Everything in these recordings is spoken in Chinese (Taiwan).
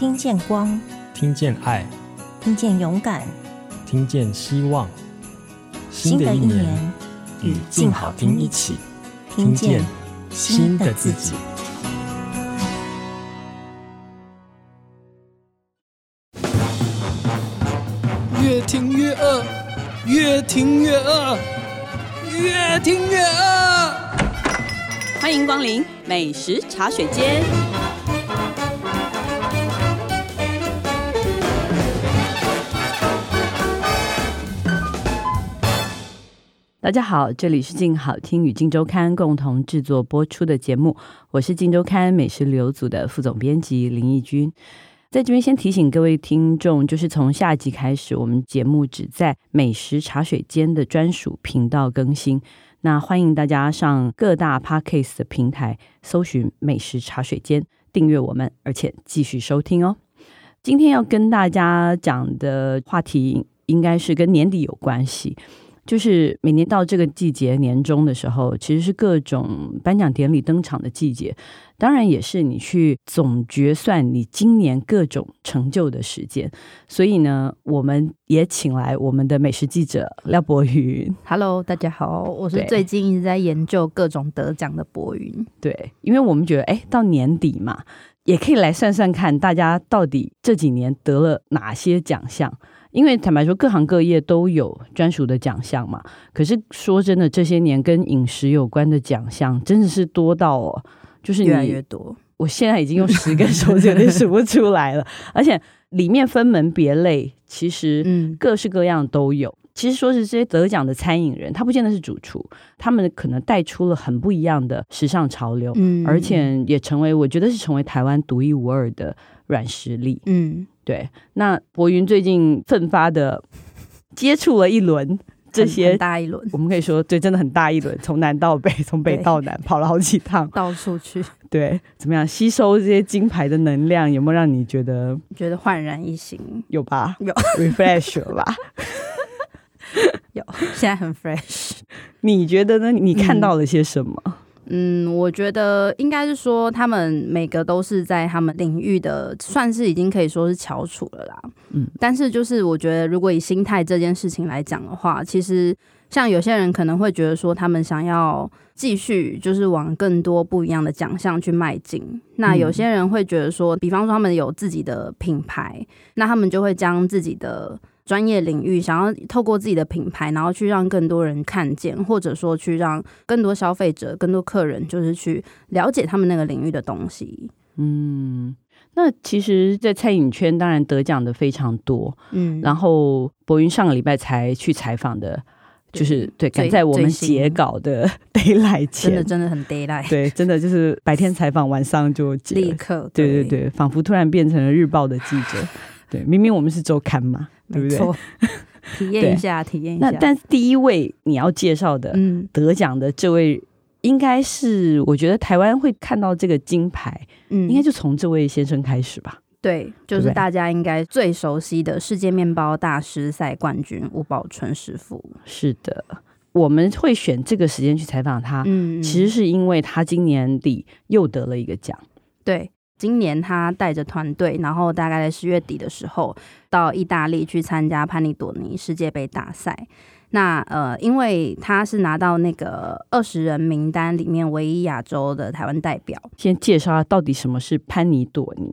聽見光，聽見愛，聽見勇敢，聽見希望。新的一年與靜好聽一起，聽見新的自己。越聽越餓，越聽越餓，越聽越餓。歡迎光臨美食茶水間。大家好，這裡是鏡好聽與鏡週刊共同製作播出的節目，我是鏡週刊美食旅遊組的副總編輯林義君。在這邊先提醒各位聽眾，就是從下集開始，我們節目只在美食茶水間的專屬頻道更新。那歡迎大家上各大 Podcast 的平台搜尋美食茶水間，訂閱我們，而且繼續收聽哦。今天要跟大家講的話題，應該是跟年底有關係。就是每年到這個季節，年終的時候，其實是各種頒獎典禮登場的季節，當然也是你去總決算你今年各種成就的時間。所以呢，我們也請來我們的美食記者廖博雲。Hello，大家好，我是最近一直在研究各種得獎的博雲。對，因為我們覺得，哎、欸，到年底嘛，也可以來算算看，大家到底這幾年得了哪些獎項。因為坦白說，各行各業都有專屬的獎項嘛。可是說真的，這些年跟飲食有關的獎項，真的是多到哦，就是越來越多。我現在已經用十根手指頭數不出來了， 而且裡面分門別類，其實各式各樣都有。嗯、其實說是這些得獎的餐飲人，他不見得是主廚，他們可能帶出了很不一樣的時尚潮流，嗯、而且也成為我覺得是成為台灣獨一無二的軟實力。嗯。對，那博雲最近奮發的接觸了一輪，這些大一輪，我們可以說，對，真的很大一輪，從南到北，從北到南，對跑了好幾趟，到處去。對，怎麼樣？吸收這些金牌的能量，有沒有讓你覺得覺得煥然一新？有吧，有 refresh 了吧？ 有，現在很 fresh。你覺得呢？你看到了些什麼？嗯嗯，我覺得應該是說，他們每個都是在他們領域的，算是已經可以說是翹楚了啦。嗯，但是就是我覺得，如果以心態這件事情來講的話，其實像有些人可能會覺得說，他們想要繼續就是往更多不一樣的獎項去邁進。嗯、那有些人會覺得說，比方說他們有自己的品牌，那他們就會將自己的。專業領域想要透過自己的品牌，然後去讓更多人看見，或者說去讓更多消費者、更多客人，就是去了解他們那個領域的東西。嗯，那其實，在餐飲圈，當然得獎的非常多。嗯，然後博雲上個禮拜才去採訪的，就是對趕在我們截稿的 deadline 前，真的真的很 deadline。對，真的就是白天採訪，晚上就立刻。對，對對對，仿佛突然變成了日報的記者。 對，明明我們是週刊嘛。對，沒錯， 體驗一下，對體驗一下。那但是第一位你要介紹的，嗯，得獎的這位，應該是我覺得台灣會看到這個金牌，嗯，應該就從這位先生開始吧。對，就是大家應該最熟悉的世界麵包大師賽冠軍吳寶春師傅。嗯，是，是的，我們會選這個時間去採訪他。嗯，嗯，其實是因為他今年底又得了一個獎。對。今年他帶着團隊，然後大概在十月底的時候到意大利去參加潘尼朵尼世界杯大賽。那呃，因為他是拿到那個二十人名單裡面唯一亞洲的台灣代表。先介紹下到底什麼是潘尼朵尼？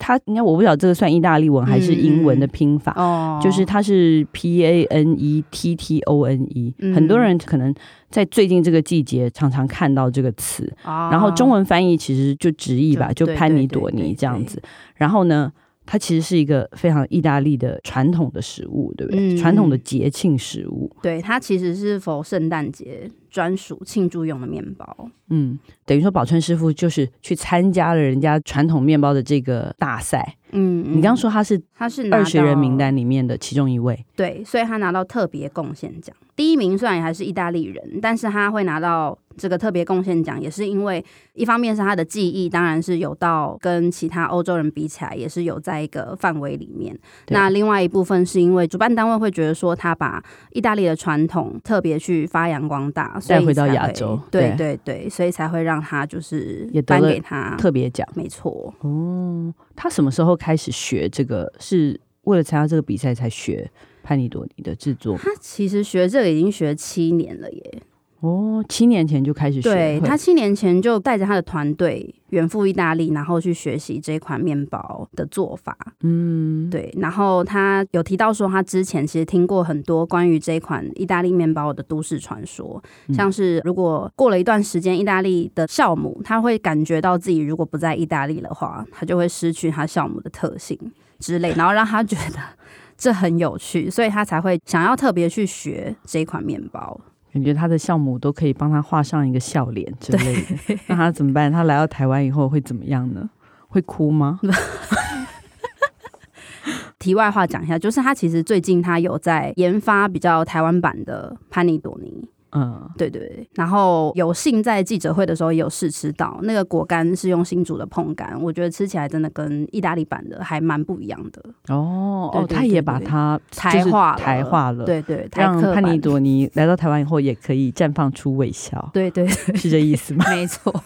它，你看，我不曉得這個算意大利文，嗯，還是英文的拼法，嗯哦，就是它是 P A N E T T O N E，嗯，很多人可能在最近這個季節常常看到這個詞，哦，然後中文翻譯其實就直譯吧，就，就潘尼朵尼這樣子。對對對對對，然後呢，它其實是一個非常意大利的傳統的食物，對不對？嗯，傳統的節慶食物，對它其實是 for 聖誕節？專屬慶祝用的麵包，嗯，等於說寶川師傅就是去參加了人家傳統麵包的這個大賽，嗯，嗯，你剛剛說他是他是二十人名單裡面的其中一位他是，對，所以他拿到特別貢獻獎。第一名雖然也還是意大利人，但是他會拿到這個特別貢獻獎，也是因為一方面是他的技藝，當然是有到跟其他歐洲人比起來，也是有在一個範圍裡面。對那另外一部分是因為主辦單位會覺得說他把意大利的傳統特別去發揚光大，帶回到亞洲。對，對對對，所以才會讓他就是也頒給他特別獎。沒錯。哦，他什麼時候開始學這個？是為了參加這個比賽才學？潘尼多尼的製作，他其實學這個已經學七年了耶！哦，七年前就開始學。對，他七年前就帶着他的團隊遠赴意大利，然後去學習這一款麵包的做法。嗯，對。然後他有提到說，他之前其實聽過很多關於這一款意大利麵包的都市傳說，嗯、像是如果過了一段時間，意大利的酵母他會感覺到自己如果不在意大利的話，他就會失去他酵母的特性之類，然後讓他覺得。 這很有趣，所以他才會想要特別去學這一款麵包。感覺他的酵母都可以幫他畫上一個笑臉之類的。對那他怎麼辦？他來到台灣以後會怎麼樣呢？會哭嗎？ 題外話講一下，就是他其實最近他有在研發比較台灣版的潘尼朵尼。嗯，對對對，然後有幸在記者會的時候也有試吃到那個果乾，是用新竹的椪柑，我覺得吃起來真的跟意大利版的還蠻不一樣的。哦對對對對哦，他也把它台化了台化了，對對，台讓潘尼朵尼來到台灣以後也可以綻放出微笑。對，對對，是這意思嗎？沒錯。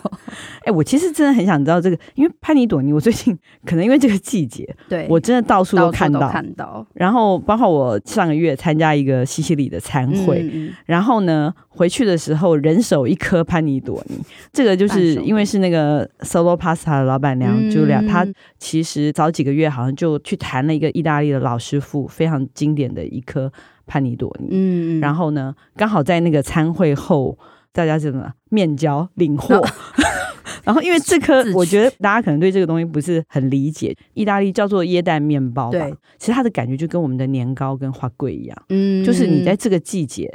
哎、 欸，我其實真的很想知道這個，因為潘尼朵尼，我最近可能因為這個季節，對我真的到處都看到，到處都看到，然後包括我上個月參加一個西西里的餐會，嗯、然後呢。回去的時候，人手一顆潘尼朵尼，這個就是因為是那個 Solo Pasta 的老板娘 Julia，她其實早幾個月好像就去談了一個意大利的老師傅，非常經典的一顆潘尼朵尼。嗯，然後呢，剛好在那個餐會後，大家怎麼面交領貨。那 然後因為這顆，我覺得大家可能對這個東西不是很理解，意取大利叫做耶誕面包吧？對其實它的感覺就跟我們的年糕跟花貴一樣，嗯，就是你在這個季節。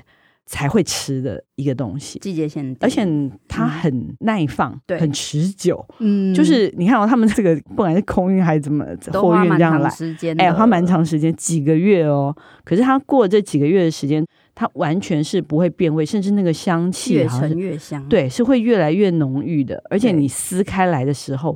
才會吃的一個東西，季節限定，而且它很耐放，嗯、很持久。嗯，就是你看哦，他們這個，不管是空運還是怎麼，運這樣來，時間，哎，花蠻長時間，幾個月哦。可是它過這幾個月的時間，它完全是不會變味，甚至那個香氣好像越陳越香，對，是會越來越濃郁的。而且你撕開來的時候，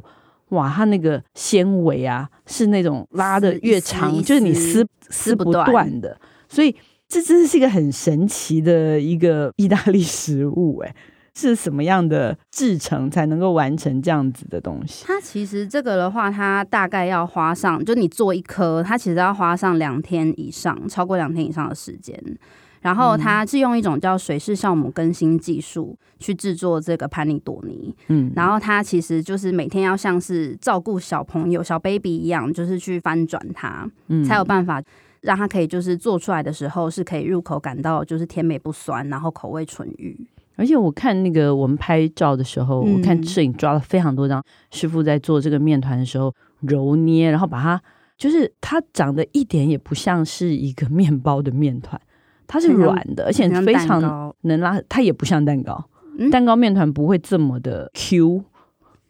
對哇，它那個纖維啊，是那種拉得越長，撕一撕一撕就是你撕撕不斷的，斷所以。這真的是一個很神奇的一個意大利食物，欸，哎，是什麼樣的製程，才能夠完成這樣子的東西？它其實這個的話，它大概要花上，就你做一顆，它其實要花上兩天以上，超過兩天以上的時間。然後它是用一種叫水式酵母更新技術去製作這個潘尼朵尼，嗯，然後它其實就是每天要像是照顧小朋友、小 baby 一樣，就是去翻轉它，才有辦法。嗯讓它可以就是做出來的時候是可以入口感到就是甜美不酸，然後口味醇鬱。而且我看那個我們拍照的時候，嗯、我看攝影抓了非常多張師傅在做這個面團的時候揉捏，然後把它就是它長得一點也不像是一個麵包的面團，它是軟的，像而且非常能拉，它也不像蛋糕，嗯、蛋糕面团不會這麼的 Q。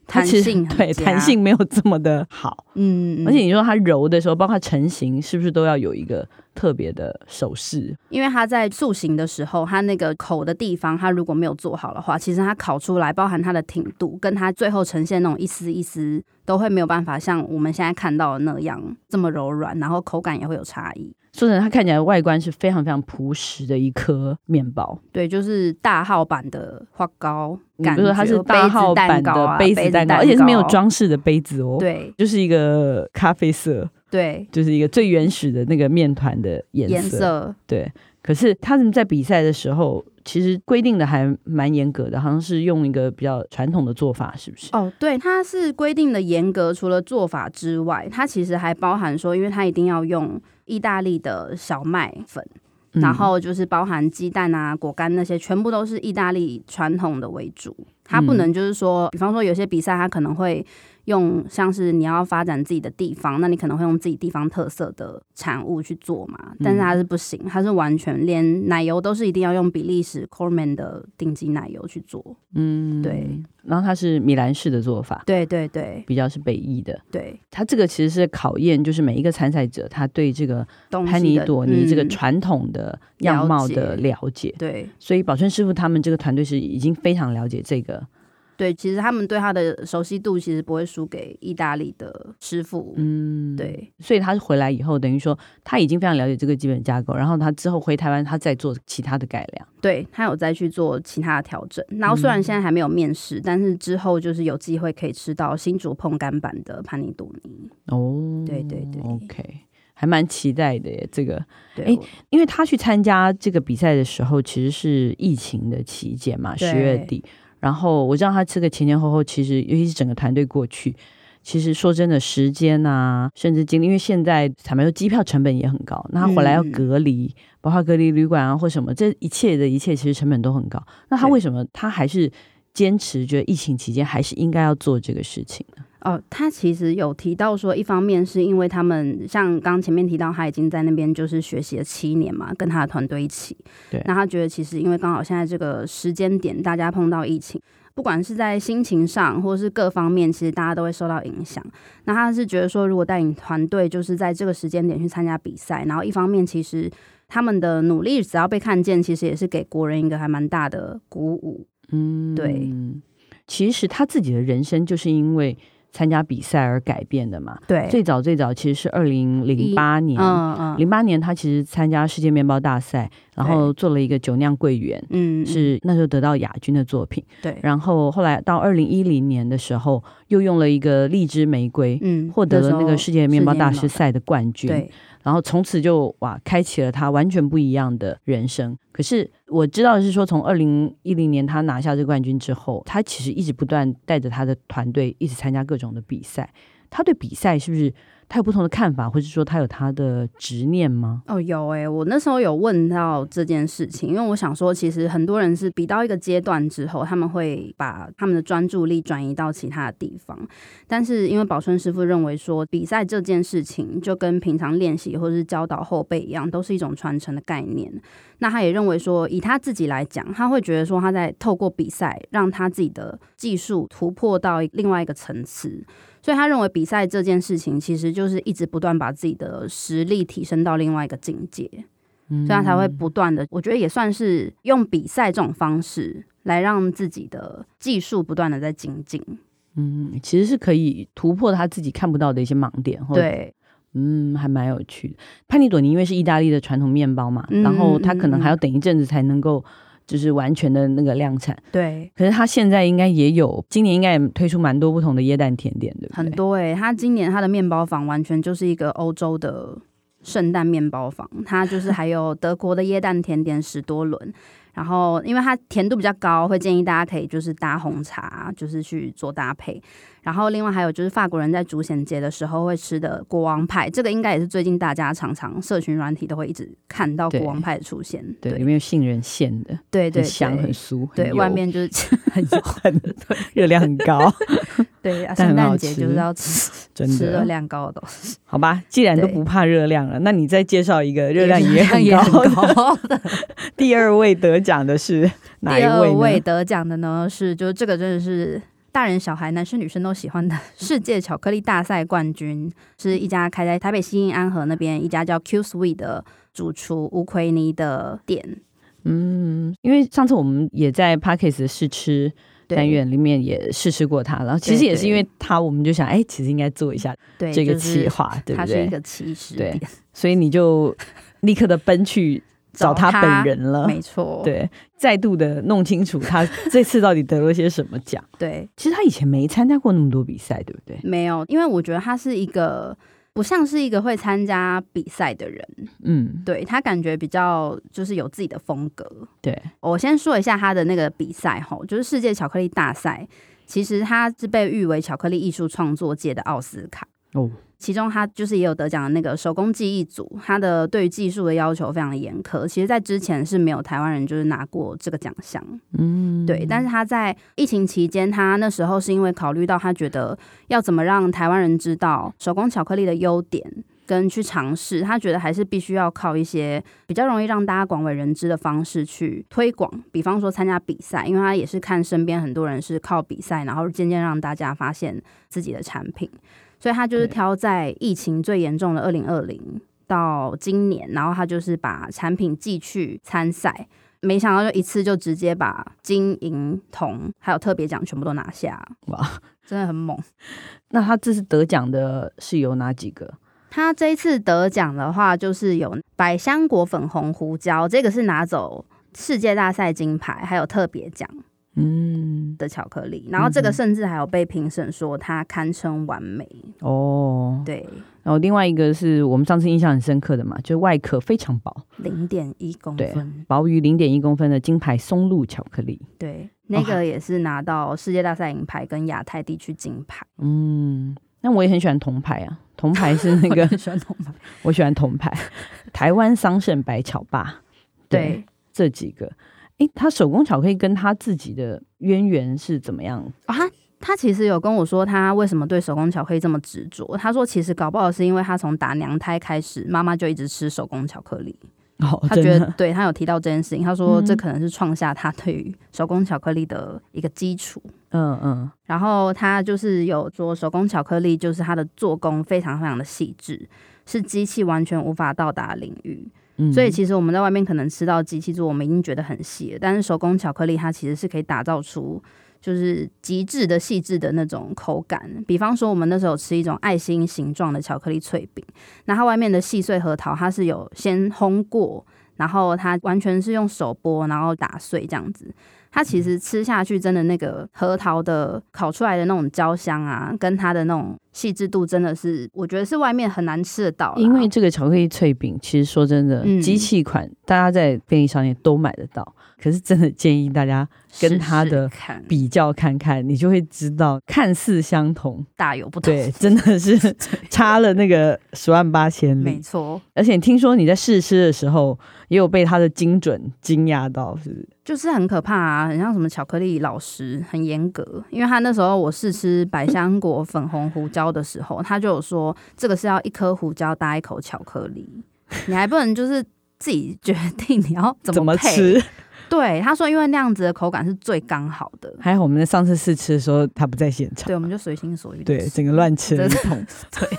它其實彈性對，彈性沒有這麼的好，嗯，嗯，而且你說它揉的時候，包括成型，是不是都要有一個？特別的手勢，因為它在塑形的時候，它那個口的地方，它如果沒有做好的話，其實它烤出來，包含它的挺度，跟它最後呈現那種一絲一絲，都會沒有辦法像我們現在看到的那樣這麼柔軟，然後口感也會有差異。說真的，它看起來外觀是非常非常樸實的一顆麵包，對，就是大號版的花糕感覺，比如它是大號版的杯子蛋糕，啊，蛋糕而且是沒有裝飾的杯子哦，對，就是一個咖啡色。對，就是一個最原始的那個麵糰的顏色。顏色。對，可是他們在比賽的時候，其實規定的還蠻嚴格的，好像是用一個比較傳統的做法，是不是？哦，對，它是規定的嚴格，除了做法之外，它其實還包含說，因為它一定要用意大利的小麥粉，嗯。然後就是包含雞蛋啊、果乾那些，全部都是意大利傳統的為主，它不能就是說，嗯。比方說有些比賽它可能會。用像是你要發展自己的地方，那你可能會用自己地方特色的產物去做嘛。但是它是不行，它是完全連奶油都是一定要用比利時 Corman 的頂級奶油去做。嗯，對。然後它是米蘭式的做法，對對對，比較是北義的。對，它這個其實是考驗，就是每一個參賽者他對這個潘尼朵尼這個傳統的樣貌的了解。嗯，了解。對，所以寶春師傅他們這個團隊是已經非常了解這個。對，其實他們對他的熟悉度其實不會輸給意大利的師傅，嗯，對，所以他是回來以後，等於說他已經非常了解這個基本架構，然後他之後回台灣，他再做其他的改良，對他有再去做其他的調整。然後雖然現在還沒有面世，嗯、但是之後就是有機會可以吃到新竹椪柑版的潘尼杜尼哦，對對對，OK，還蠻期待的耶，這個，對、哦、因為他去參加這個比賽的時候，其實是疫情的期間嘛，十對月底。然後我知道他這個前前後後，其實尤其是整個團隊過去，其實說真的，時間啊，甚至精力，因為現在坦白說機票成本也很高，那他回來要隔離，嗯、包括隔離旅館啊或什麼，這一切的一切其實成本都很高。那他為什麼他還是堅持，覺得疫情期間還是應該要做這個事情呢？哦，他其實有提到說，一方面是因為他們像剛前面提到，他已經在那邊就是學習了七年嘛，跟他的團隊一起。對。那他覺得其實因為剛好現在這個時間點，大家碰到疫情，不管是在心情上或是各方面，其實大家都會受到影響。那他是覺得說，如果帶領團隊就是在這個時間點去參加比賽，然後一方面其實他們的努力只要被看見，其實也是給國人一個還蠻大的鼓舞。嗯，對。其實他自己的人生就是因為。參加比賽而改變的嘛？對，最早最早其實是二零零八年，嗯嗯、零八年他其實參加世界麵包大賽，對然後做了一個酒釀桂圓，嗯對，是那時候得到亞軍的作品，對。然後後來到二零一零年的時候，又用了一個荔枝玫瑰，嗯對，獲得了那個世界麵包大師賽的冠軍，嗯、對。然後從此就哇，開啟了他完全不一樣的人生。可是我知道是說，從二零一零年他拿下這個冠軍之後，他其實一直不斷帶着他的團隊，一起參加各種的比賽。他對比賽是不是？他有不同的看法，或者說他有他的執念嗎？哦，有誒、欸，我那時候有問到這件事情，因為我想說，其實很多人是比到一個階段之後，他們會把他們的專注力轉移到其他的地方。但是因為寶春師傅認為說，比賽這件事情就跟平常練習或是教導後輩一樣，都是一種傳承的概念。那他也認為說，以他自己來講，他會覺得說，他在透過比賽讓他自己的技術突破到另外一個層次。所以他認為比賽這件事情，其實就是一直不斷把自己的實力提升到另外一個境界，這樣才會不斷的。我覺得也算是用比賽這種方式來讓自己的技術不斷的在精進。嗯，其實是可以突破他自己看不到的一些盲點。對，嗯，還蠻有趣的。潘尼朵尼因為是意大利的傳統麵包嘛，嗯，然後他可能還要等一陣子才能夠。就是完全的那個量產，對。可是他現在應該也有，今年應該也推出蠻多不同的耶誕甜點，對不對？很多誒、欸。他今年他的麵包房完全就是一個歐洲的聖誕麵包房，它就是還有德國的耶誕甜點十多輪， 然後因為它甜度比較高，會建議大家可以就是搭紅茶，就是去做搭配。然後，另外還有就是法國人在主顯節的時候會吃的國王派，這個應該也是最近大家常常社群軟體都會一直看到國王派的出現。對，有沒有杏仁餡的，對對，香很酥，對，外面就是很很，對，熱量很高。對，聖誕節就是要吃，真的吃熱量高的。好吧，既然都不怕熱量了，那你再介紹一個熱量也很高的。第二位得獎的是哪一位？第二位得獎的呢？是，就是這個真的是。大人小孩、男生女生都喜歡的世界巧克力大賽冠軍，是一家開在台北信義安和那邊，一家叫 Q Sweet 的主廚烏奎尼的店。嗯，因為上次我們也在 Podcast 試吃單元裡面也試吃過它對然後其實也是因為它，我們就想，對哎，其實應該做一下這個企劃，對,、就是、對,對它是一個起始點對，所以你就立刻的奔去。找他本人了，沒錯，對，再度的弄清楚他這次到底得了些什麼獎。 對，其實他以前沒參加過那麼多比賽，對不對？沒有，因為我覺得他是一個不像是一個會參加比賽的人。嗯，對，他感覺比較就是有自己的風格。對，我先說一下他的那個比賽哈，就是世界巧克力大賽，其實他是被譽為巧克力藝術創作界的奧斯卡哦。其中他就是也有得獎的那個手工技藝組，他的對於技術的要求非常的嚴苛。其實，在之前是沒有台灣人就是拿過這個獎項，嗯，對。但是他在疫情期間，他那時候是因為考慮到，他覺得要怎麼讓台灣人知道手工巧克力的優點跟去嘗試，他覺得還是必須要靠一些比較容易讓大家廣為人知的方式去推廣。比方說參加比賽，因為他也是看身邊很多人是靠比賽，然後漸漸讓大家發現自己的產品。所以他就是挑在疫情最嚴重的二零二零到今年，對然後他就是把產品寄去參賽，沒想到就一次就直接把金銀銅還有特別獎全部都拿下。哇，真的很猛！那他這次得獎的是有哪幾個？他這一次得獎的話，就是有百香果粉紅胡椒，這個是拿走世界大賽金牌，還有特別獎。嗯的巧克力，然後這個甚至還有被評審說它堪稱完美哦。嗯 oh, 對，然後另外一個是我們上次印象很深刻的嘛，就是外殼非常薄，零點一公分，薄於零點一公分的金牌松露巧克力。對，那個也是拿到世界大賽銀牌跟亞太地區金牌。Oh. 嗯，那我也很喜歡銅牌啊，銅牌是那個 我喜歡銅牌， 我喜歡銅牌， 台灣桑葚白巧吧，對，對這幾個。他手工巧克力跟他自己的淵源是怎麼樣啊、哦？他他其實有跟我說他為什麼對手工巧克力這麼執着。他說其實搞不好是因為他從打娘胎開始，媽媽就一直吃手工巧克力。哦，他覺得真的？對，他有提到這件事情。他說，這可能是創下他對於手工巧克力的一個基礎。嗯嗯。嗯然後他就是有做手工巧克力，就是它的做工非常非常的細緻，是機器完全無法到達領域。所以其實我們在外面可能吃到機器做，我們已經覺得很細。但是手工巧克力它其實是可以打造出就是極致的細緻的那種口感。比方說我們那時候吃一種愛心形狀的巧克力脆餅，那它外面的細碎核桃它是有先烘過，然後它完全是用手剝然後打碎這樣子。它其實吃下去真的那個核桃的烤出來的那種焦香啊，跟它的那種。細緻度真的是，我覺得是外面很難吃得到。因為這個巧克力脆餅，其實說真的，機、嗯、器款大家在便利商店都買得到。可是真的建議大家跟他的比較看看，試試看你就會知道，看似相同，大有不同。對，真的是 差了那個十萬八千里。沒錯。而且聽說你在試吃的時候，也有被他的精準驚訝到，是不是？就是很可怕，啊，很像什麼巧克力老師，很嚴格。因為他那時候我試吃百香果粉紅胡椒、嗯。的時候，他就說這個是要一顆胡椒搭一口巧克力，你還不能就是自己決定你要怎麼配，怎麼吃。對，他說因為那樣子的口感是最剛好的。還有我們在上次試吃的時候，他不在現場，對，我們就隨心所欲，對，整個亂吃，是 對。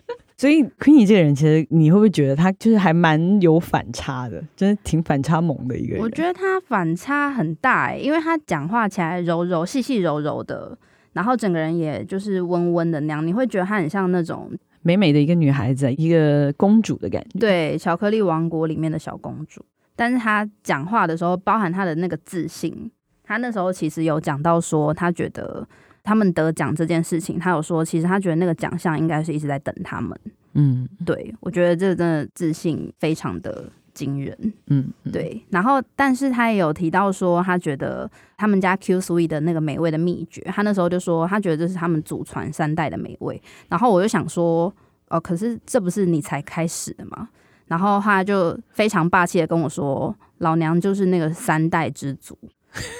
所以 Queenie 這個人，其實你會不會覺得他就是還蠻有反差的，真的挺反差萌的一個人。我覺得他反差很大欸，因為他講話起來柔柔細細柔柔的。然後整個人也就是溫溫的那樣，你會覺得她很像那種美美的一個女孩子，一個公主的感覺。對，巧克力王國裡面的小公主。但是她講話的時候，包含她的那個自信。她那時候其實有講到說，她覺得他們得獎這件事情，她有說，其實她覺得那個獎項應該是一直在等他們。嗯，對，我覺得這真的自信非常的。驚人、嗯，嗯，對，然後但是他也有提到說，他覺得他們家 Q Sweet 的那個美味的秘訣，他那時候就說，他覺得這是他們祖傳三代的美味。然後我就想說，哦，可是這不是你才開始的嘛？然後他就非常霸氣的跟我說：“老娘就是那個三代之祖。”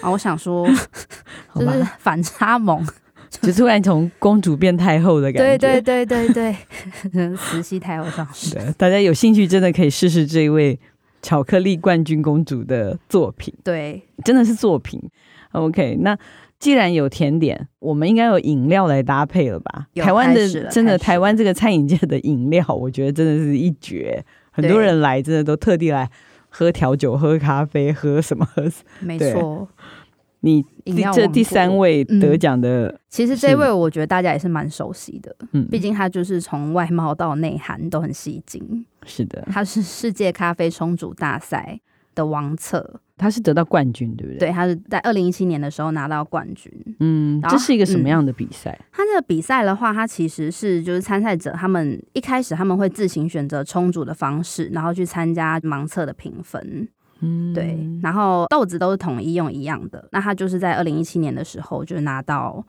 啊，我想說， 好棒 就是反差萌。就突然從公主變太後的感覺，對對對對對，慈禧太后上。對，大家有興趣真的可以試試這一位巧克力冠軍公主的作品。對，真的是作品。OK，那既然有甜點，我們應該有飲料來搭配了吧？有台灣的真的，台灣這個餐飲界的飲料，我覺得真的是一絕。很多人來對真的都特地來喝調酒、喝咖啡、喝什麼？喝沒錯。你這第三位得獎的，嗯，其實這位我覺得大家也是蠻熟悉的，嗯，畢竟他就是從外貌到內涵都很吸睛。是的，他是世界咖啡沖煮大賽的王策，他是得到冠軍，對不對？對，他是在二零一七年的時候拿到冠軍。嗯，然後，這是一個什麼樣的比賽，嗯？他這個比賽的話，他其實是就是參賽者他們一開始他們會自行選擇沖煮的方式，然後去參加盲測的評分。嗯， 對，然後豆子都是統一用一樣的。那他就是在二零一七年的時候就拿到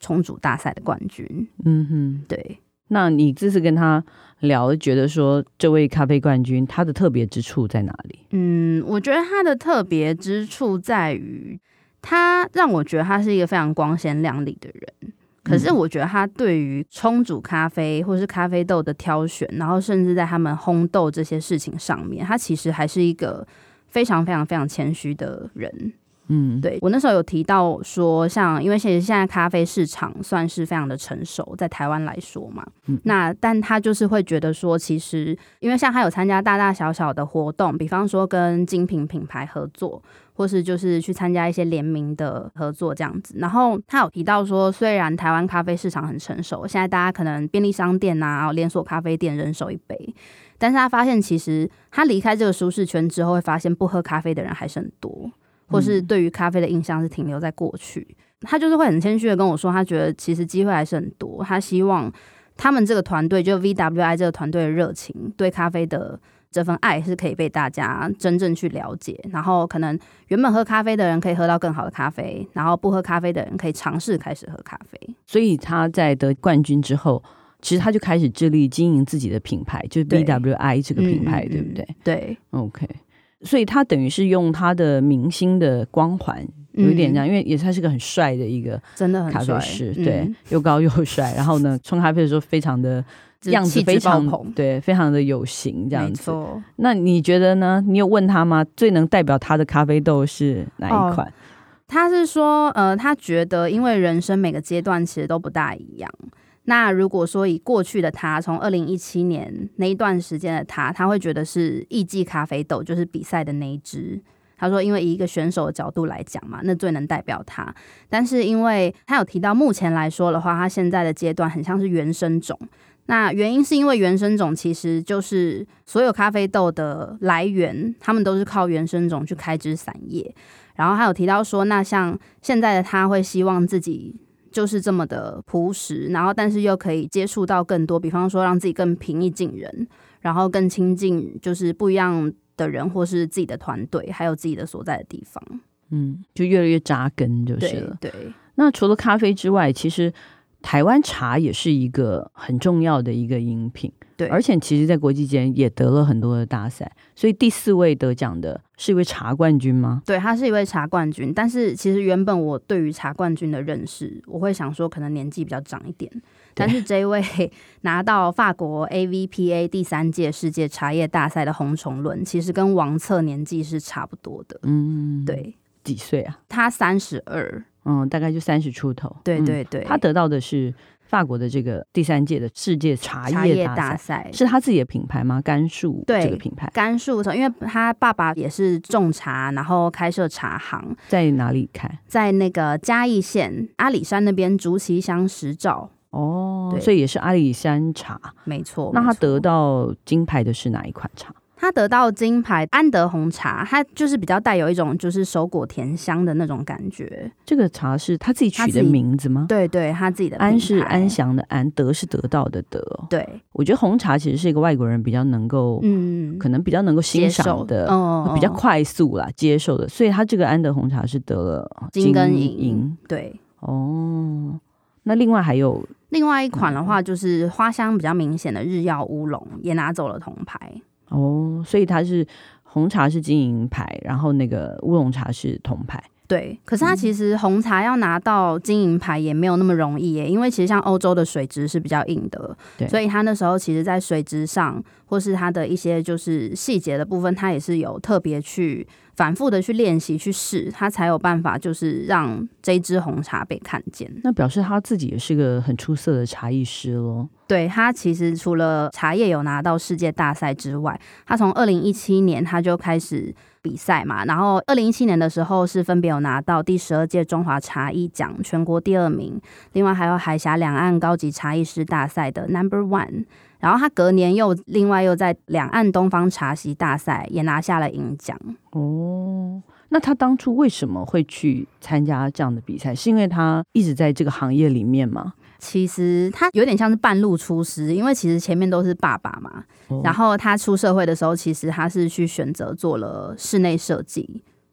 沖煮大賽的冠軍。嗯哼，對。那你這次跟他聊，覺得說這位咖啡冠軍他的特別之處在哪裡？嗯，我覺得他的特別之處在於，他讓我覺得他是一個非常光鮮亮麗的人。可是我覺得他對於沖煮咖啡或是咖啡豆的挑選，然後甚至在他們烘豆這些事情上面，他其實還是一個。非常非常非常謙虛的人，嗯，對我那時候有提到說像，像因為其實現在咖啡市場算是非常的成熟，在台灣來說嘛，嗯，那但他就是會覺得說，其實因為像他有參加大大小小的活動，比方說跟精品品牌合作。或是就是去參加一些聯名的合作這樣子，然後他有提到說，雖然台灣咖啡市場很成熟，現在大家可能便利商店吶、啊，連鎖咖啡店人手一杯，但是他發現其實他離開這個舒適圈之後，會發現不喝咖啡的人還是很多，或是對於咖啡的印象是停留在過去。他就是會很謙虛的跟我說，他覺得其實機會還是很多，他希望他們這個團隊，就 VWI 這個團隊的熱情對咖啡的。這份愛是可以被大家真正去了解，然後可能原本喝咖啡的人可以喝到更好的咖啡，然後不喝咖啡的人可以嘗試開始喝咖啡。所以他在得冠軍之後，其實他就開始致力經營自己的品牌，就是 BWI 這個品牌，對，對不對？嗯、對，OK。所以他等於是用他的明星的光環，有一點這樣，嗯、因為也他是一個很帥的一個，真的很帥，對，嗯、又高又帥。然後呢， 沖咖啡的時候非常的。樣子非常對，非常的有型，這樣子。沒錯。那你覺得呢？你有問他嗎？最能代表他的咖啡豆是哪一款？哦，他是說，呃，他覺得因為人生每個階段其實都不大一樣。那如果說以過去的他，從二零一七年那一段時間的他，他會覺得是藝伎咖啡豆，就是比賽的那一只。他說，因為以一個選手的角度來講嘛，那最能代表他。但是因為他有提到，目前來說的話，他現在的階段很像是原生種。那原因是因為原生種其實就是所有咖啡豆的來源，他們都是靠原生種去開枝散葉。然後還有提到說，那像現在的他會希望自己就是這麼的樸實，然後但是又可以接觸到更多，比方說讓自己更平易近人，然後更親近就是不一樣的人，或是自己的團隊，還有自己的所在的地方。嗯，就越來越扎根就是了。對，對，那除了咖啡之外，其實。台灣茶也是一個很重要的一個飲品，對，而且其實在國際間也得了很多的大賽，所以第四位得獎的是一位茶冠軍嗎？對，他是一位茶冠軍，但是其實原本我對於茶冠軍的認識，我會想說可能年紀比較長一點，但是這一位拿到法國 AVPA 第三屆世界茶葉大賽的洪崇倫，其實跟王策年紀是差不多的，嗯，對，幾歲啊？他三十二。嗯，大概就三十出頭。對對對、嗯，他得到的是法國的這個第三屆的世界茶葉大賽，大賽是他自己的品牌嗎？甘肅對。這個品牌，甘肅，因為他爸爸也是種茶，然後開設茶行，在哪裡開？在那個嘉義縣阿里山那邊竹崎鄉石棹。哦，對所以也是阿里山茶。沒錯。沒錯那他得到金牌的是哪一款茶？他得到金牌安德紅茶，它就是比較帶有一種就是熟果甜香的那種感覺。這個茶是他自己取的名字嗎？對對，他自己的名，安是安詳的安，德是得到的德。對，我覺得紅茶其實是一個外國人比較能夠，嗯，可能比較能夠欣賞的，嗯、比較快速啦接受的。所以他這個安德紅茶是得了金，金跟銀。對，哦，那另外還有另外一款的話，就是花香比較明顯的日耀烏龍，嗯、也拿走了銅牌。哦，oh, 所以它是紅茶是金銀牌，然後那個烏龍茶是銅牌。對，可是他其實紅茶要拿到金銀牌也沒有那麼容易耶，因為其實像歐洲的水質是比較硬的，對所以他那時候其實在水質上，或是他的一些就是細節的部分，他也是有特別去反覆的去練習，去試，他才有辦法就是讓這支紅茶被看見。那表示他自己也是個很出色的茶藝師咯。對，他其實除了茶葉有拿到世界大賽之外，他從二零一七年他就開始。比賽嘛，然後二零一七年的時候是分別有拿到第十二屆中華茶藝獎全國第二名，另外還有海峽兩岸高級茶藝師大賽的 Number One，然後他隔年又另外又在兩岸東方茶席大賽也拿下了銀獎。哦，那他當初為什麼會去參加這樣的比賽？是因為他一直在這個行業裡面嗎？其實他有點像是半路出師，因為其實前面都是爸爸嘛。哦、然後他出社會的時候，其實他是去選擇做了室內設計。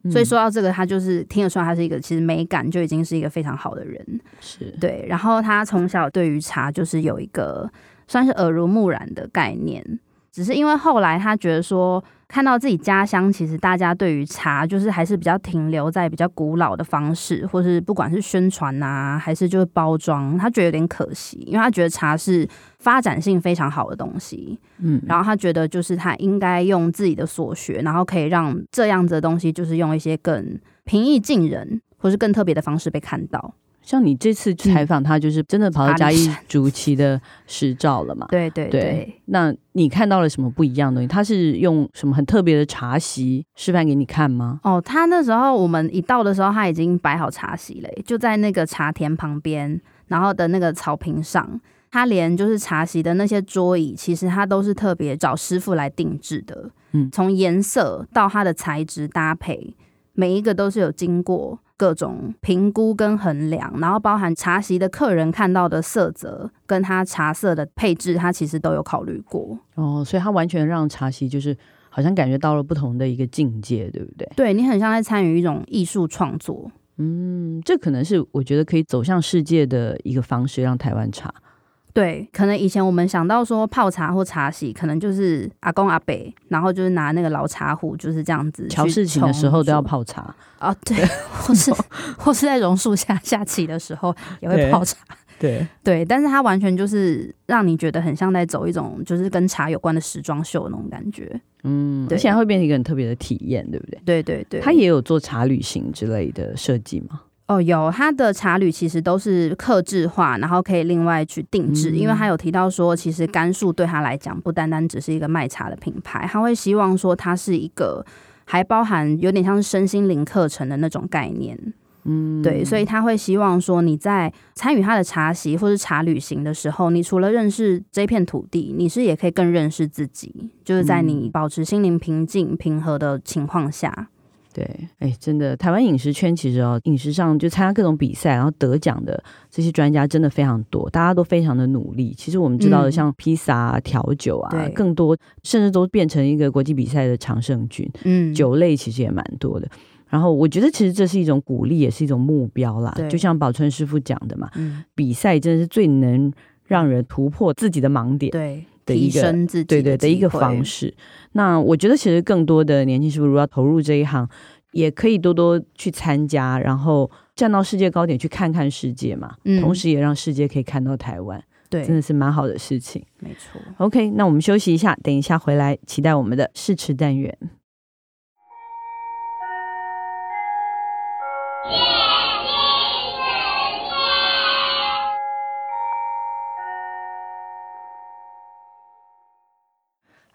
嗯、所以說到這個，他就是聽得出來，他是一個其實美感就已經是一個非常好的人，是對。然後他從小對於茶就是有一個算是耳濡目染的概念，只是因為後來他覺得說，看到自己家鄉，其實大家對於茶就是還是比較停留在比較古老的方式，或是不管是宣傳啊，還是就是包裝，他覺得有點可惜，因為他覺得茶是發展性非常好的東西，嗯，然後他覺得就是他應該用自己的所學，然後可以讓這樣子的東西，就是用一些更平易近人，或是更特別的方式被看到。像你這次採訪、嗯、他，就是真的跑到嘉義竹崎的時照了嘛？ 對對對，對。那你看到了什麼不一樣的東西？他是用什麼很特別的茶席示範給你看嗎？哦，他那時候我們一到的時候，他已經擺好茶席嘞、欸，就在那個茶田旁邊，然後的那個草坪上。他連就是茶席的那些桌椅，其實他都是特別找師傅來定製的。嗯，從顏色到它的材質搭配，每一個都是有經過。各種評估跟衡量，然後包含茶席的客人看到的色澤跟他茶色的配置，他其實都有考慮過。哦，所以他完全讓茶席就是好像感覺到了不同的一個境界，對不對？對，你很像在參與一種藝術創作。嗯，這可能是我覺得可以走向世界的一個方式，讓台灣茶。對，可能以前我們想到說泡茶或茶席，可能就是阿公阿伯，然後就是拿那個老茶壺，就是這樣子。喬事情的時候都要泡茶啊、哦，對， 或是或是在榕樹下下棋的時候也會泡茶，對對，對。但是它完全就是讓你覺得很像在走一種就是跟茶有關的時裝秀那種感覺，嗯，對而且會變成一個很特別的體驗，對不對？對對對，他也有做茶旅行之類的設計嗎？哦，有，他的茶旅其實都是客製化，然後可以另外去定製。嗯、因為他有提到說，其實甘肅對他來講不單單只是一個賣茶的品牌，他會希望說它是一個還包含有點像是身心靈課程的那種概念。嗯，對，所以他會希望說你在參與他的茶席或是茶旅行的時候，你除了認識這片土地，你是也可以更認識自己，就是在你保持心靈平靜平和的情況下。對，哎，真的，台灣飲食圈其實哦，飲食上就參加各種比賽，然後得獎的這些專家真的非常多，大家都非常的努力。其實我們知道的，像披薩啊、調酒啊，嗯、更多甚至都變成一個國際比賽的常勝軍。嗯，酒類其實也蠻多的。然後我覺得，其實這是一種鼓勵，也是一種目標啦。對就像寶春師傅講的嘛，嗯、比賽真的是最能讓人突破自己的盲點。對。的一個對對的一個方式，那我覺得其實更多的年輕師傅如果要投入這一行，也可以多多去參加，然後站到世界高點去看看世界嘛，嗯，同時也讓世界可以看到台灣，對，真的是蠻好的事情，沒錯。OK，那我們休息一下，等一下回來，期待我們的試吃單元。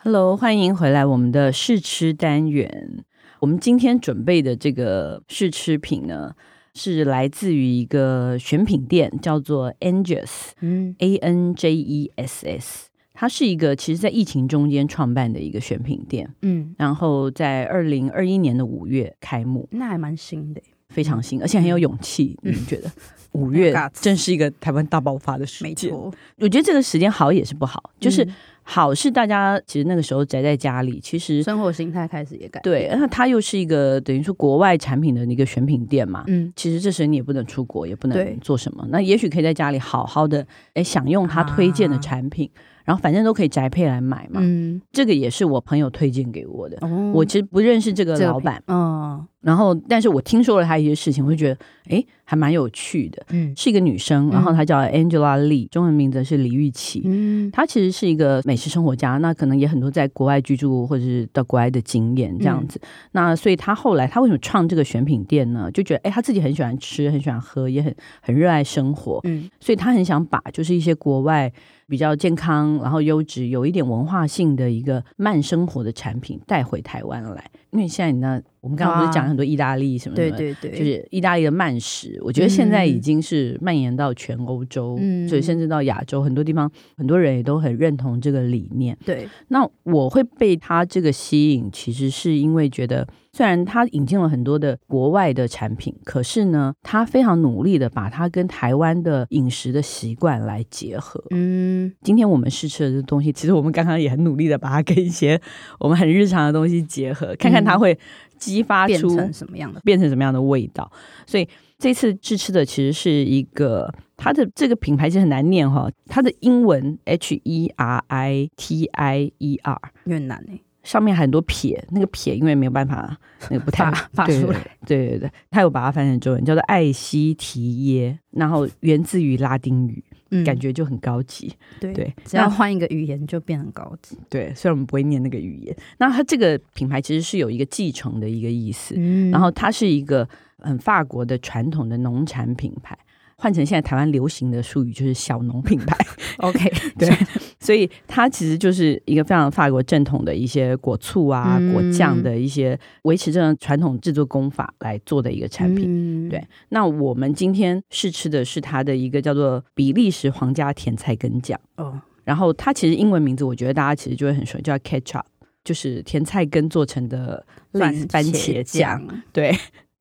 Hello，歡迎回來我們的試吃單元。我們今天準備的這個試吃品呢，是來自於一個選品店，叫做 Anges，嗯，A N J E S S，它是一個其實在疫情中間創辦的一個選品店，嗯，然後在二零二一年的五月開幕，那還蠻新的。非常新，而且很有勇氣，你覺得五月真是一個台灣大爆發的時間。沒錯，我覺得這個時間好也是不好，就是好是大家其實那個時候宅在家裡，其實生活形態開始也改。對，那他又是一個等於說國外產品的那個選品店嘛，嗯，其實這時候你也不能出國，也不能做什麼，那也許可以在家裡好好的哎，享用他推薦的產品，然後反正都可以宅配來買嘛。嗯，這個也是我朋友推薦給我的，我其實不認識這個老闆，嗯。然後，但是我聽說了她一些事情，我就覺得，哎，還蠻有趣的。嗯，是一個女生，然後她叫 Angela Lee，中文名字是李玉琪。嗯，她其實是一個美食生活家，那可能也很多在國外居住或者是到國外的經驗這樣子。嗯，那所以她後來，她為什麼創這個選品店呢？就覺得，哎，她自己很喜歡吃，很喜歡喝，也很很熱愛生活。嗯，所以她很想把就是一些國外比較健康，然後優質，有一點文化性的一個慢生活的產品帶回台灣來。因為現在你知道，我們剛剛不是講了很多意大利什麼什麼的。啊、對對對，就是意大利的慢食，我覺得現在已經是蔓延到全歐洲，嗯，所以甚至到亞洲很多地方，很多人也都很認同這個理念。對，那我會被它這個吸引，其實是因為覺得。雖然他引進了很多的國外的產品，可是呢，他非常努力的把它跟台灣的飲食的習慣來結合。嗯，今天我們試吃的這東西，其實我們剛剛也很努力的把它跟一些我們很日常的東西結合，嗯、看看它會激發出變成什麼樣的、變成什麼樣的味道。所以這次試吃的其實是一個，它的這個品牌其實很難念哈，它的英文 H E R I T I E R，越南、欸。上面很多撇，那個撇因為沒有辦法，那個不太 發出來。對對對，對對對，他有把它翻成中文，叫做艾希提耶，然後源自於拉丁語，嗯、感覺就很高級。對，對只要換一個語言就變很高級。對，對，雖然我們不會念那個語言。那它這個品牌其實是有一個繼承的一個意思，嗯、然後它是一個很法國的傳統的農產品牌，換成現在台灣流行的術語就是小農品牌。 OK，對。 所以它其實就是一個非常法國正統的一些果醋啊、嗯、果醬的一些維持這種傳統制作工法來做的一個產品。嗯、對，那我們今天試吃的是它的一個叫做比利時皇家甜菜根醬。哦，然後它其實英文名字，我覺得大家其實就會很熟，叫 ketchup，就是甜菜根做成的番番茄醬。茄醬，對。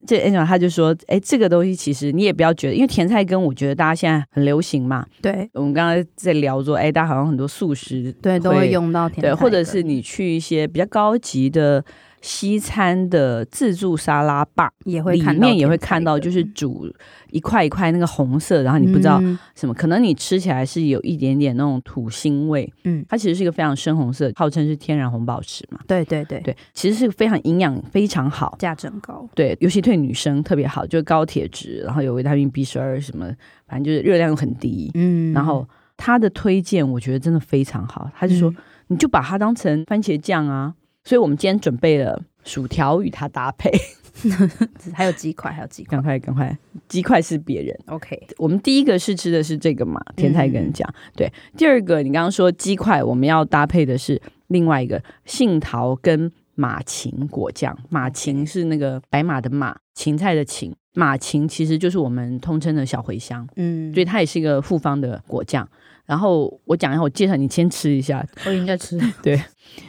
這 Angel 他就說：“哎、欸，這個東西其實你也不要覺得，因為甜菜根，我覺得大家現在很流行嘛。對，我們剛剛在聊說，哎、欸，大家好像很多素食，對，都會用到甜菜根，對，或者是你去一些比較高級的。”西餐的自助沙拉吧也會，裡面也會看到，就是煮一塊一塊那個紅色，然後你不知道什麼，可能你吃起來是有一點點那種土腥味。嗯，它其實是一個非常深紅色，號稱是天然紅寶石嘛。對對對對，其實是非常營養非常好，價值高。對，尤其對女生特別好，就高鐵質，然後有維他命 B 十二什麼，反正就是熱量又很低。嗯，然後他的推薦我覺得真的非常好，他就說、嗯、你就把它當成番茄醬啊。所以，我們今天準備了薯條與它搭配 還雞塊。還有雞塊，還有雞塊，趕快，趕快，雞塊是別人。OK，我們第一個試吃的是這個嘛？天才跟人講，嗯、對。第二個你剛剛，你剛剛說雞塊，我們要搭配的是另外一個杏桃跟馬芹果醬。馬芹是那個白馬的馬，芹菜的芹。馬芹其實就是我們通稱的小茴香，嗯，所以它也是一個複方的果醬。然後我講一下，我介紹你先吃一下，我應該吃。 對，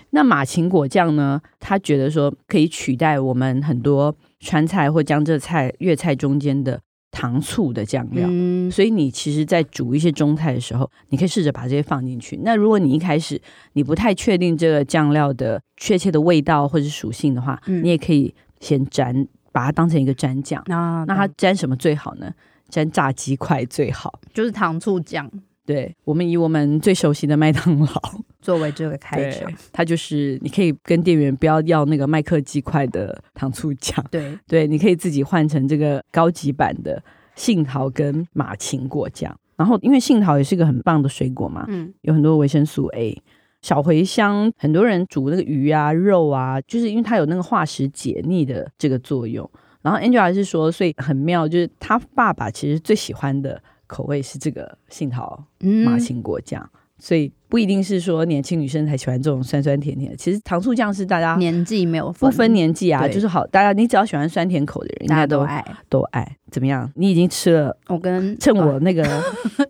那馬琴果醬呢？他覺得說可以取代我們很多川菜或江浙菜、粵菜中間的糖醋的醬料。嗯、所以你其實，在煮一些中菜的時候，你可以試着把這些放進去。那如果你一開始你不太確定這個醬料的確切的味道或是屬性的話，嗯、你也可以先沾，把它當成一個沾醬。那，那它沾什麼最好呢？嗯、沾炸雞塊最好，就是糖醋醬。對，我們以我們最熟悉的麥當勞作為這個開場，對它就是你可以跟店員不要要那個麥克雞塊的糖醋醬，對對，你可以自己換成這個高級版的杏桃跟馬芹果醬。然後因為杏桃也是一個很棒的水果嘛，嗯，有很多維生素 A，小茴香，很多人煮那個魚啊肉啊，就是因為它有那個化食解膩的這個作用。然後 Angela 是說，所以很妙，就是他爸爸其實最喜歡的。口味是這個杏桃馬琴果醬，嗯、所以不一定是說年輕女生才喜歡這種酸酸甜甜的。其實糖醋醬是大家年紀沒有分不分年紀啊，對，就是好大家，你只要喜歡酸甜口的人，大家都愛都愛。怎麼樣？你已經吃了？我跟趁我那個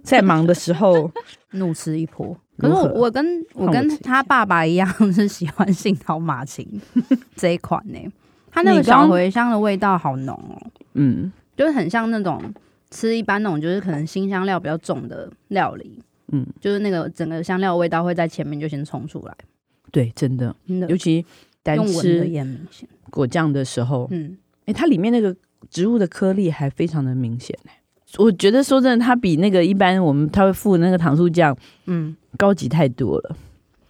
在忙的時候 怒吃一波。如何？可是我我跟我跟他爸爸一樣是喜歡杏桃馬琴 這一款呢、欸。它那個小茴香的味道好濃哦，嗯，就是很像那種。吃一般那種就是可能辛香料比較重的料理，嗯，就是那個整個香料的味道會在前面就先沖出來，對，真的，真的尤其單吃果醬的時候，嗯，哎、欸，它裡面那個植物的顆粒還非常的明顯，嗯、我覺得說真的，它比那個一般我們它會附那個糖醋醬，嗯，高級太多了，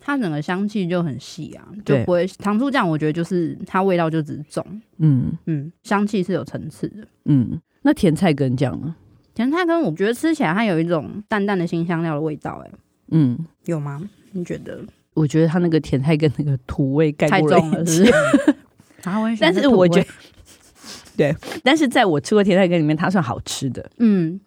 它整個香氣就很細啊，對就不會糖醋醬，我覺得就是它味道就只是重，嗯嗯，香氣是有層次的，嗯。那甜菜根這樣呢？甜菜根我覺得吃起來它有一種淡淡的辛香料的味道、欸，哎，嗯，有嗎？你覺得？我覺得它那個甜菜根那個土味太重了是、 啊、但是我覺得對，但是在我吃過甜菜根裡面，它算好吃的，嗯，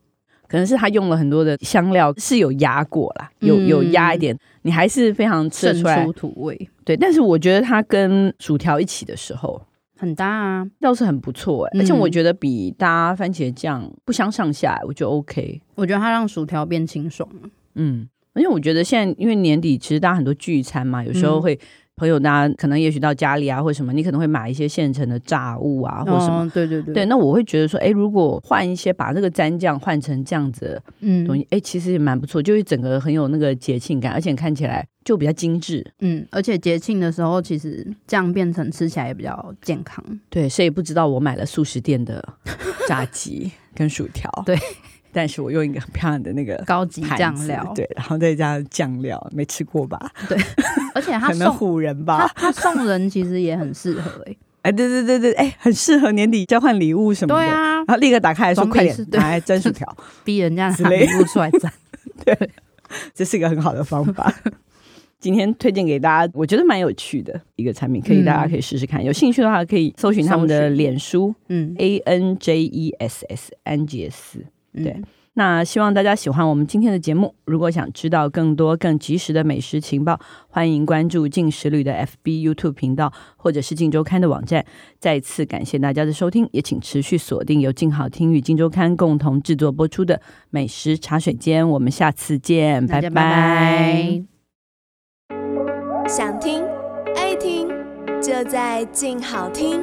可能是它用了很多的香料，是有壓過啦，有有壓一點，嗯、你還是非常吃出來出土味，對，但是我覺得它跟薯條一起的時候。很搭啊，倒是很不錯哎、欸，嗯、而且我覺得比搭番茄醬不相上下、欸，我覺得 OK。我覺得它讓薯條變清爽了，嗯，而且我覺得現在因為年底，其實大家很多聚餐嘛，有時候會朋友大家可能也許到家裡啊或者什麼，你可能會買一些現成的炸物啊或者什麼、哦，對對對，對。那我會覺得說，哎、欸，如果換一些把這個蘸醬換成這樣子的東西，哎、嗯欸，其實也蠻不錯，就是整個很有那個節慶感，而且看起來。就比較精緻，嗯，而且節慶的時候，其實這樣變成吃起來也比較健康。對，所以不知道我買了素食店的炸雞跟薯條，對，但是我用一個很漂亮的那個高級醬料，對，然後再加醬料，沒吃過吧？對，而且他可能唬人吧，他送人其實也很適合，哎，對對對對，哎，很適合年底交換禮物什麼的。啊，然後立刻打開來說快點來沾薯條，逼人家拿禮物出來，對，這是一個很好的方法。今天推薦給大家，我覺得蠻有趣的一個產品，可以大家可以試試看。嗯、有興趣的話，可以搜尋他們的臉書，嗯，A N J E S S N G S、嗯對，那希望大家喜歡我們今天的節目。如果想知道更多更及時的美食情報，歡迎關注“鏡食旅”的 FB、YouTube 頻道，或者是《鏡週刊》的網站。再次感謝大家的收聽，也請持續鎖定由“鏡好聽”與《鏡週刊》共同製作播出的美食茶水間。我們下次見，拜拜。拜拜。想聽愛聽，就在靜好聽。